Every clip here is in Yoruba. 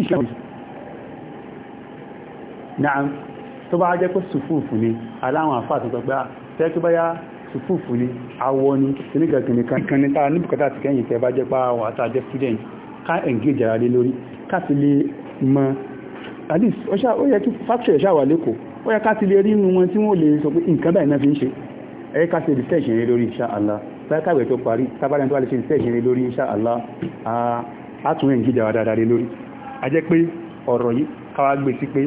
sì ṣe náà tó bá jẹ́ pé sùfúùfù ni aláwọn àfáà tó gbọ́gbá ah, tẹ́ kí bá yá sùfúùfù ni awọ ni onígbàgbìnìkan ìkànnì tàà ní bùkátà ti kẹ́yìn tẹ́ bá jẹ́ pá wà tàà jẹ́ student ká engage ara lé lórí ká fi lè mọ at least ó yẹ kí factory ẹ̀ṣà wà lẹ́kọ̀ọ́ ó yẹ ká ti lè rí inú wọn tí wọ́n lè insha Allah báyìí káwẹ̀ tó parí tábàdàn tó wà lè ṣe research rẹ lórí insha Allah á tún engage ara dáadáa lé lórí a jẹ́ pé ọ̀rọ̀ yìí káwà gbé sí pé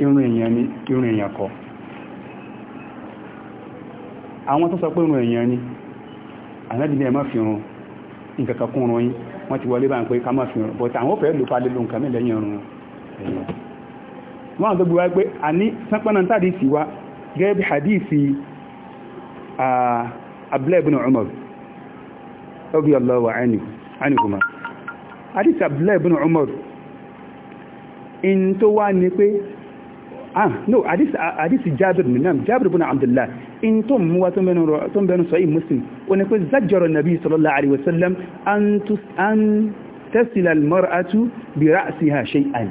irun èèyàn ni irun èèyàn kọ́ àwọn tó sọ pé irun èèyàn ni ànábì ní ẹ má fi irun nǹkan kan kún irun yín wọ́n ti wọlé báyìí pé ká má fi irun but àwọn fẹ́ẹ́ lò pa lélo nǹkan mẹ́lẹ̀ yẹn irun èèyàn wọ́n àwọn tó gbé wá pé àní sánpọ́nà tàbí sí wa gẹ́gẹ́ bí hadisi ah, Abdullahi àdìsí abdullahi ibn umar in tó wá ní pé ah no àdìsí jabir minam jabir ibn abdullah in tó mú wá tó ń bẹnu sọ́yí muslim o ní pé zajjọrọ nabi sallallahu alaihi wasallam an tẹ́sílẹ̀ almar'atu bi ra'siha shay'an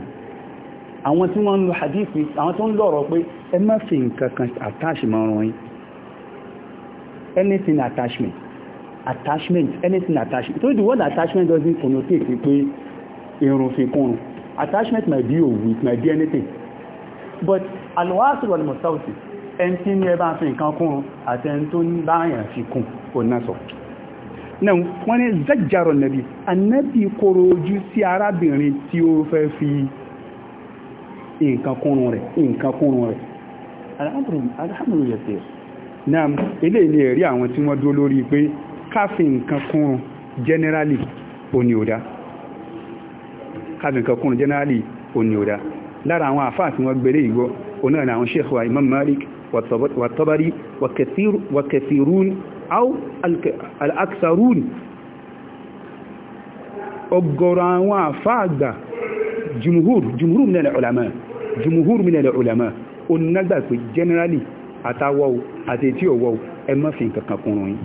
àwọn tí wọ́n ń lo hadithi àwọn tó ń lọ́rọ̀ pé ẹ má fi nǹkan kan attachment rọ̀yìn anything attachment attachment anything attachment so the word attachment doesn't connotate pé irun fi kún attachment might be òwú it might be anything but alwaasi wal mustawsi ẹni tí ní ẹbá fi nǹkan kún àti ẹni tó ń báyàn fi kún ò náà sọ náà wọ́n ní zajjarọ̀ nàbí anábì kóró ojú sí arábìnrin tí ó fẹ́ fi nǹkan kúnnù rẹ̀ nǹkan kúnnù rẹ̀ alhamdulilayi náà ilé ilé ẹ̀rí àwọn tí wọ́n dúró lórí pé káfí nǹkan kún generally òní ò dá káfí nǹkan kún generally òní ò dá lára àwọn àfáà tí wọ́n gbélé ìgbọ́ òun náà àwọn sheikh wa imam malik والطبري وكثيرون أو الأكثرون ọ̀gọ̀rọ̀ àwọn àfáàgbà jùmùhúr jùmùhúr min al-ulama jùmùhúr min al-ulama onígbàgbà pé generally àtàwọ̀ àti tí ọ̀wọ̀ ẹ má fi nǹkan kan kún yìí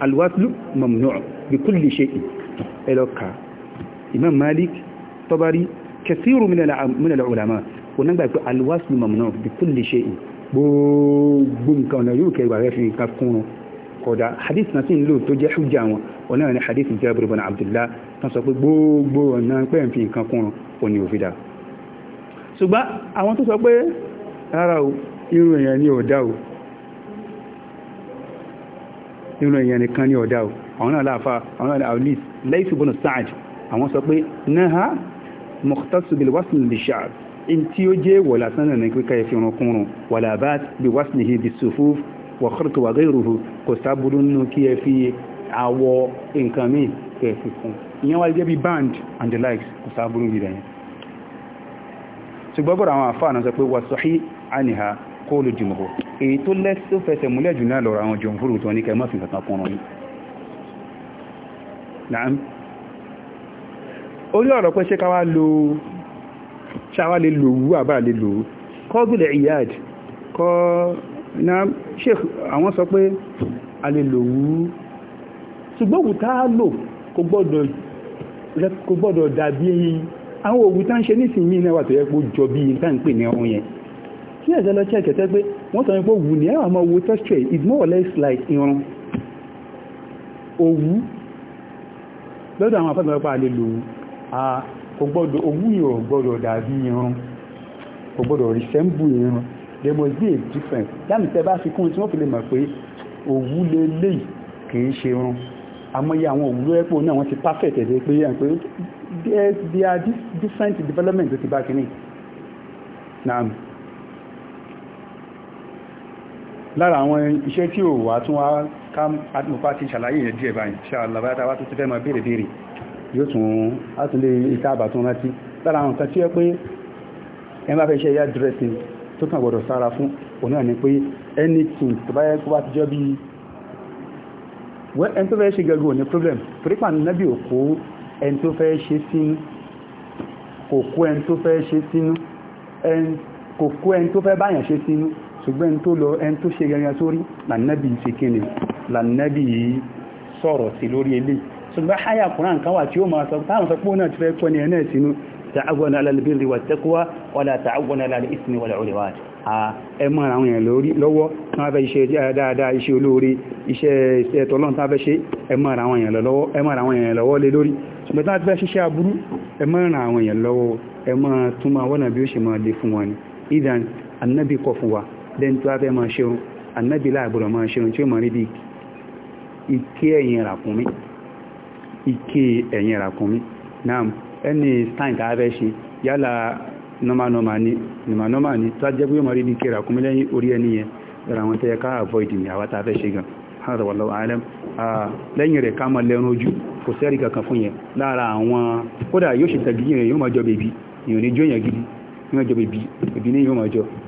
alwaslu mamnu' bi kulli shay'in ẹlọ́ka imam malik tabari kathiru minal ulama wọn náà gbà pé alwaslu mamnu' bi kulli shay'in gbogbo nǹkan ọ̀nà yóò kẹgbà rẹ̀ fi nǹkan kúnnù kódà hadith náà sì ń lò tó jẹ́ hujja wọn wọn náà ni hadith jabir bin abdullah tán sọ pé gbogbo ọ̀nà pẹ́ fi nǹkan kúnnù ò ní òfin dá ṣùgbọ́n àwọn tó sọ pé rárá o irun èèyàn ni ò dá o nínú èèyàn nìkan ní ọ̀dá o àwọn náà láàfà àwọn náà àwọlìs lẹ́yìn bọ́nà sáàj àwọn sọ pé náà mọ̀tàṣù bí wàsùn lè ṣáà in tí ó jẹ́ wọ̀ lásán náà ní kíkà ẹ̀fì ọ̀rọ̀kùnrùn wà làbá bí wàsùn lè bí sòfò wà kọ́rọ̀tù wà gẹ́rù rù kò sábúrú nínú kí ẹ fi àwọ nǹkan míì kẹ́ fi kún ìyẹn wá jẹ́ bí band and the likes kò sábúrú yìí rẹ̀ ṣùgbọ́n kóòlù jùmọ̀kọ́ èyí tó lẹ́sọ́ fẹsẹ̀ múlẹ̀ jù náà lọ́rọ̀ àwọn jùmọ̀fúrù tó ní kẹ mọ́sí kankan kọ́nà yìí náà orí ọ̀rọ̀ pé ṣe káwà lo ṣáwà lè lòwú àbá lè lòwú kọ́bùlẹ̀ iyad kọ́ na ṣe àwọn sọ pé a lè lòwú ṣùgbọ́n òwú tá a lò kò gbọ́dọ̀ dàbí àwọn òwú tá ń ṣe nísìnyí náà wà tó yẹ kó jọ bí tá ń pè ní ọrùn yẹn tí ẹ̀jẹ̀ lọ ṣe ẹ̀kẹ̀tẹ́ pé wọ́n sọ wípé òwú ní àwọn ọmọ owó texture is more or less like irun òwú lọ́dọ̀ àwọn afẹ́bẹ̀rẹ́pá lè lò òwú yìí ò gbọ́dọ̀ dàbí irun ò gbọ́dọ̀ resemble irun there must be a difference dáàmì tẹ́ bá fi kún tí wọ́n fi lè mọ̀ pé òwú lè lè kìí ṣe irun àwọn ti perfect ẹ̀dẹ́ pé yàn pé there are different developments tó ti bá kìíní náà lára àwọn iṣẹ́ tí ò wá tún wá kàmùpá ti ṣàlàyé yẹn díẹ̀ báyìí ṣàlàbáyátà wá tó ti fẹ́ máa béèrè béèrè yóò tún átúnlé ìta àbà rántí lára àwọn kan tí ẹ pé ẹ máa fẹ́ iṣẹ́ yá dírẹ́sì tó kàn gbọ́dọ̀ sára fún òun náà pé anything tó bá yẹ kó bá ti jọ bí ṣùgbọ́n tó lọ ẹn tó ṣe gẹ́gẹ́ sórí lànàbì ṣe kíni lànàbì sọ̀rọ̀ sí lórí ilé ṣùgbọ́n háyà kùnrán káwà tí ó máa sọpọ̀ sọpọ̀ náà ti fẹ́ kọ́ ni ẹ̀nà ìsinú ta'agwana alalbirri wa taqwa wala ta'agwana alalismi wala ulwat a ẹ mọ́ àwọn èèyàn lórí lọ́wọ́ tí wọ́n fẹ́ iṣẹ́ dáadáa iṣẹ́ olóore iṣẹ́ iṣẹ́ tọ́lọ́n tàbẹ́ ṣe ẹ annabi kọ fún wa lẹ́ni tó wá fẹ́ máa ṣeun ànábì láàgbọ́dọ̀ máa ṣeun tí ó mọ̀ níbi ike ẹ̀yìn ràkúnmí ike ẹ̀yìn ràkúnmí náà ẹni stein tá a fẹ́ ṣe yálà nọ́mánọ́mà ni nọ́mánọ́mà ni tó jẹ́ pé ó mọ̀ níbi ike ràkúnmí lẹ́yìn orí ẹni yẹn lọ́ra àwọn tẹ́yẹ ká avoid ni àwa tá fẹ́ ṣe gan alam lẹ́yìn rẹ̀ ká mọ̀ lẹ́run ojú kò sẹ́rí kankan fún yẹn lára àwọn kódà yóò ṣe tàbí yẹn yóò máa jọ bèbí ìyọ̀nìjọ́ yẹn gidi yóò máa jọ bèbí bèbí yóò máa jọ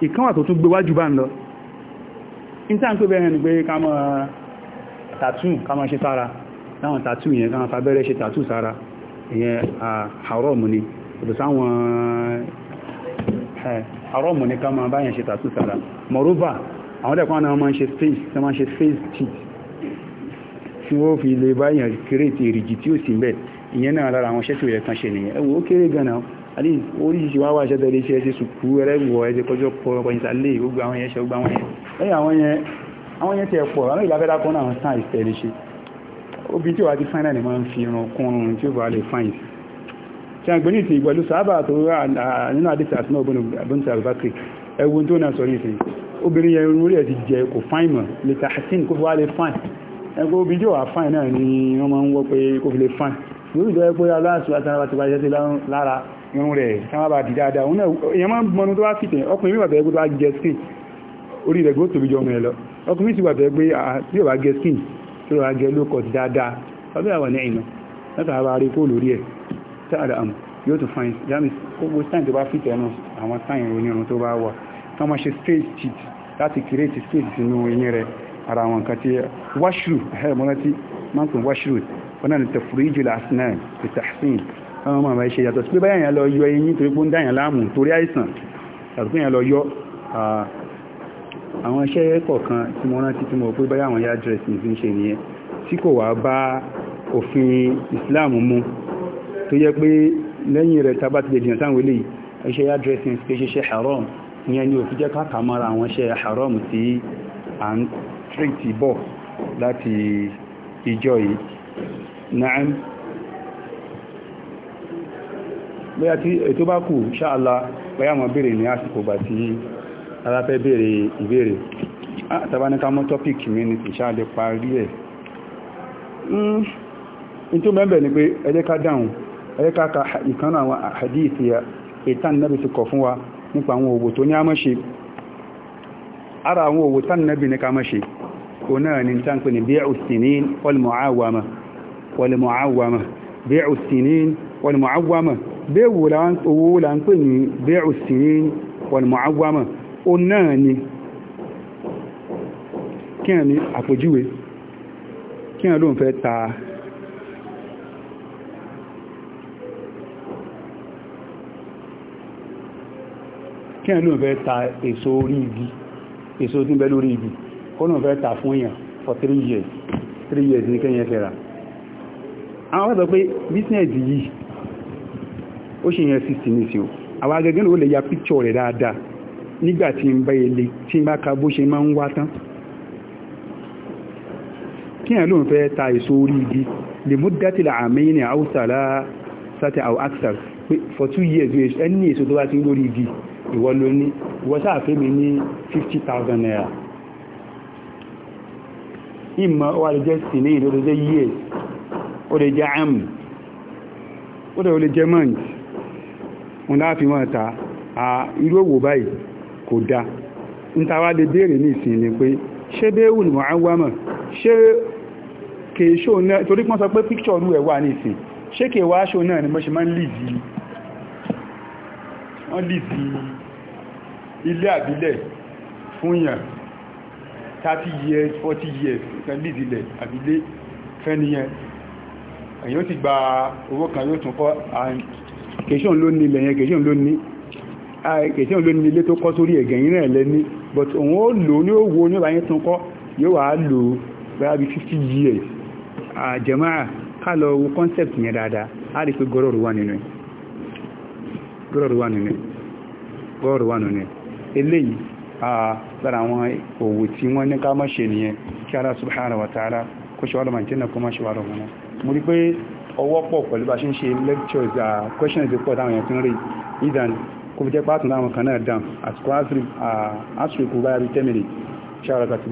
ìkan wà tó tún gbé wájú bá ń lọ ìta ń pè bẹ́ẹ̀ ni pé ká mọ́ tàtù ká mọ́ ṣe sára láwọn tàtù yẹn ká fàbẹ́rẹ́ ṣe tàtù sára ìyẹn àrọ́mù ni ìbùsáwọn àrọ́mù ni ká mọ́ báyẹn ṣe tàtù sára moreover àwọn dẹ̀kọ́ náà máa ń ṣe face tí wọ́n ṣe face cheat tí wọ́n fi lè báyẹn create èrìgì tí ó sì ń bẹ̀ ìyẹn àti oríṣiríṣi wá wà ṣẹ́tẹ̀ ilé iṣẹ́ ṣe sùkú ẹrẹ́wọ̀ ẹ̀ṣẹ̀ kọjọ́ pọ̀ ọkọ̀yìntà lè gbogbo àwọn yẹn ṣe gbogbo àwọn yẹn lẹ́yìn àwọn yẹn àwọn yẹn ti ẹ̀ pọ̀ àwọn ìlàfẹ́ dákọ́ náà sàn ìfẹ́ lè ṣe obìnrin tí ó wà ti fáìn náà ni máa ń fi irun kún un tí ó bá a gbé ní ìsìn ìgbẹ̀lú sábà tó rà nínú àdìsí àti náà bọ́nù sàbákì ẹwọ́n tó náà sọ ní ìsìn obìnrin yẹn irun orí ẹ̀ ti jẹ kò fáìn mọ̀ lè ta àtìn kó fi wá lè fáìn ẹgbẹ́ obìnrin tí ó wà fáìn náà ni wọ́n máa ń wọ́ pé kó fi lè fáìn lórí ìjọ ẹgbẹ́ aláàṣù àtàrà ti bá sí lára irun rẹ̀ káwọn bá di dáadáa òun náà èèyàn máa ń mọnu tó bá sì tẹ̀ ọkùnrin mi wà tẹ́lẹ̀ pé tó bá jẹ skin orí rẹ̀ gbóòtò bíjọ ọmọ ẹ lọ ọkùnrin mi sì wà tẹ́lẹ̀ pé tí yóò bá jẹ skin tí yóò bá jẹ low cut dáadáa ọbẹ̀ àwọn ẹ̀yìn náà látara bá rí kó lórí ẹ̀ tí àdá àmọ̀ yóò tún fain james gbogbo sáìn tó bá fi tẹ̀ náà àwọn sáìn onírun tó bá wà kí wọ́n ṣe straight cheat láti create space sínú eyín rẹ̀ ara àwọn nǹkan tí wáṣù ẹ̀hẹ́ mọ́lá tí máa ń pè wáṣù wọn náà ní tẹ̀fúrí jùlọ àsìnáà ìtàhsìn àwọn ọmọ àmà ìṣe yàtọ̀ sí pé báyà yẹn lọ yọ eyín torí pé ó ń dáyàn láàmú torí àìsàn yàtọ̀ pé yẹn lọ yọ àwọn iṣẹ́ kọ̀ọ̀kan tí mo rántí tí mo rò pé báyà àwọn yá dírẹ̀sì ní fi ń ṣe nìyẹn tí kò wá bá òfin Islam mu tó yẹ pé lẹ́yìn rẹ̀ tábà ti lè jìnà sáwọn eléyìí iṣẹ́ yá dírẹ̀sì ní fi ṣe haram ìyẹn ni òfin jẹ́ káàkà mọ́ra àwọn iṣẹ́ haram tí à ń tírètì bọ̀ láti ìjọ yìí bóyá tí ètò eh, bá kù ṣáàlá bóyá mọ̀ bèèrè ní àsìkò bá tí aláfẹ́ bèèrè ìbéèrè àtàbáníká mọ́ tọ́pìkì mi ní ìṣáàlẹ̀ parí ẹ̀ hmm, ní tó mẹ́bẹ̀ ni pé ẹlẹ́ká dáhùn ẹlẹ́ká ka ìkan àwọn àdíìsì ìtàn nẹ́bì ti kọ̀ fún wa nípa àwọn òwò tó ní a mọ́ṣe ara àwọn òwò tán nẹ́bì ní na mọ́ṣe kò náà ni wal mu'awwama wal bẹ́ẹ̀wò owó la ń pè ní bẹ́ẹ̀rù sí wọ̀nmọ̀ agbámọ̀ ó náà ni kí ẹ̀ ní àpòjúwe kí ẹ̀ ló ń fẹ́ ta kí ẹ̀ ló ń fẹ́ ta èso orí igi èso tí ń bẹ lórí igi ó ló ń fẹ́ ta fún èèyàn for three years three years ní kẹ́yẹn fẹ́ ra àwọn ọ̀sọ̀ pé business yìí ó ṣe yẹn sixty ní sí o àwọn agẹgẹ ló lè ya píkṣọ rẹ dáadáa nígbà tí n bá ilé tí n bá ka bó ṣe máa ń wá tán kí ẹ̀ ló fẹ́ ta èso orí igi lè mú dátìlà àmì ní àwùsàlá sátẹ àwọn axel pé for two years ẹni èso tó bá ti ń lórí igi ìwọ ló ní ìwọ sáàfẹ́ mi ní fifty thousand naira ìmọ̀ ó wà lè jẹ́ sinin ó lè jẹ́ years ó lè jẹ́ am ó lè jẹ́ month ń láàfin máa ta irú òwò báyìí kò dáa ń ta wá lè béèrè ní ìsìn ni pé ṣé béèwù ni wọ́n wá mọ̀ ṣé kèé ṣó náà torí pọ́n sọ pé píkṣọ̀ ọ̀nù ẹ̀ wà ní ìsìn ṣé kèé wá ṣó náà ni mo ṣe máa ń lì yìí wọ́n lì years 40 years kan lì sílẹ̀ àbílẹ̀ fẹ́niyàn èyàn ti gba owó kan yóò kèṣàn ló ní ilẹ̀ yẹn kèṣàn ló ní kèṣàn ló ní ilé tó kọ́ sórí ẹ̀gẹ̀yìn náà lẹ́ni but òun ó lò ó ní owó ní ìbáyẹn tún kọ́ yóò wá lò ó bẹ́ẹ̀ bí fifty years àjẹmáà ká lọ wo concept yẹn dáadáa á rí i pé gọ́rọ̀ rú wà nínú ẹ̀ gọ́rọ̀ rú wà nínú ẹ̀ gọ́rọ̀ rú wà nínú ẹ̀ eléyìí lára àwọn òwò tí wọ́n ní ká má ṣe nìyẹn kí Allah subhanahu wa ta'ala kó ṣe wà lọ́mọ ọwọ́ pọ̀ pẹ̀lú bá ṣe ń ṣe lectures questions pọ̀ táwọn èèyàn ti ń rí ìdàn kó fi jẹ́ pàtó láwọn kan náà dàn àsìkò asiri kò bá rí tẹ́mìlì ṣáàrọ̀ kàtìlá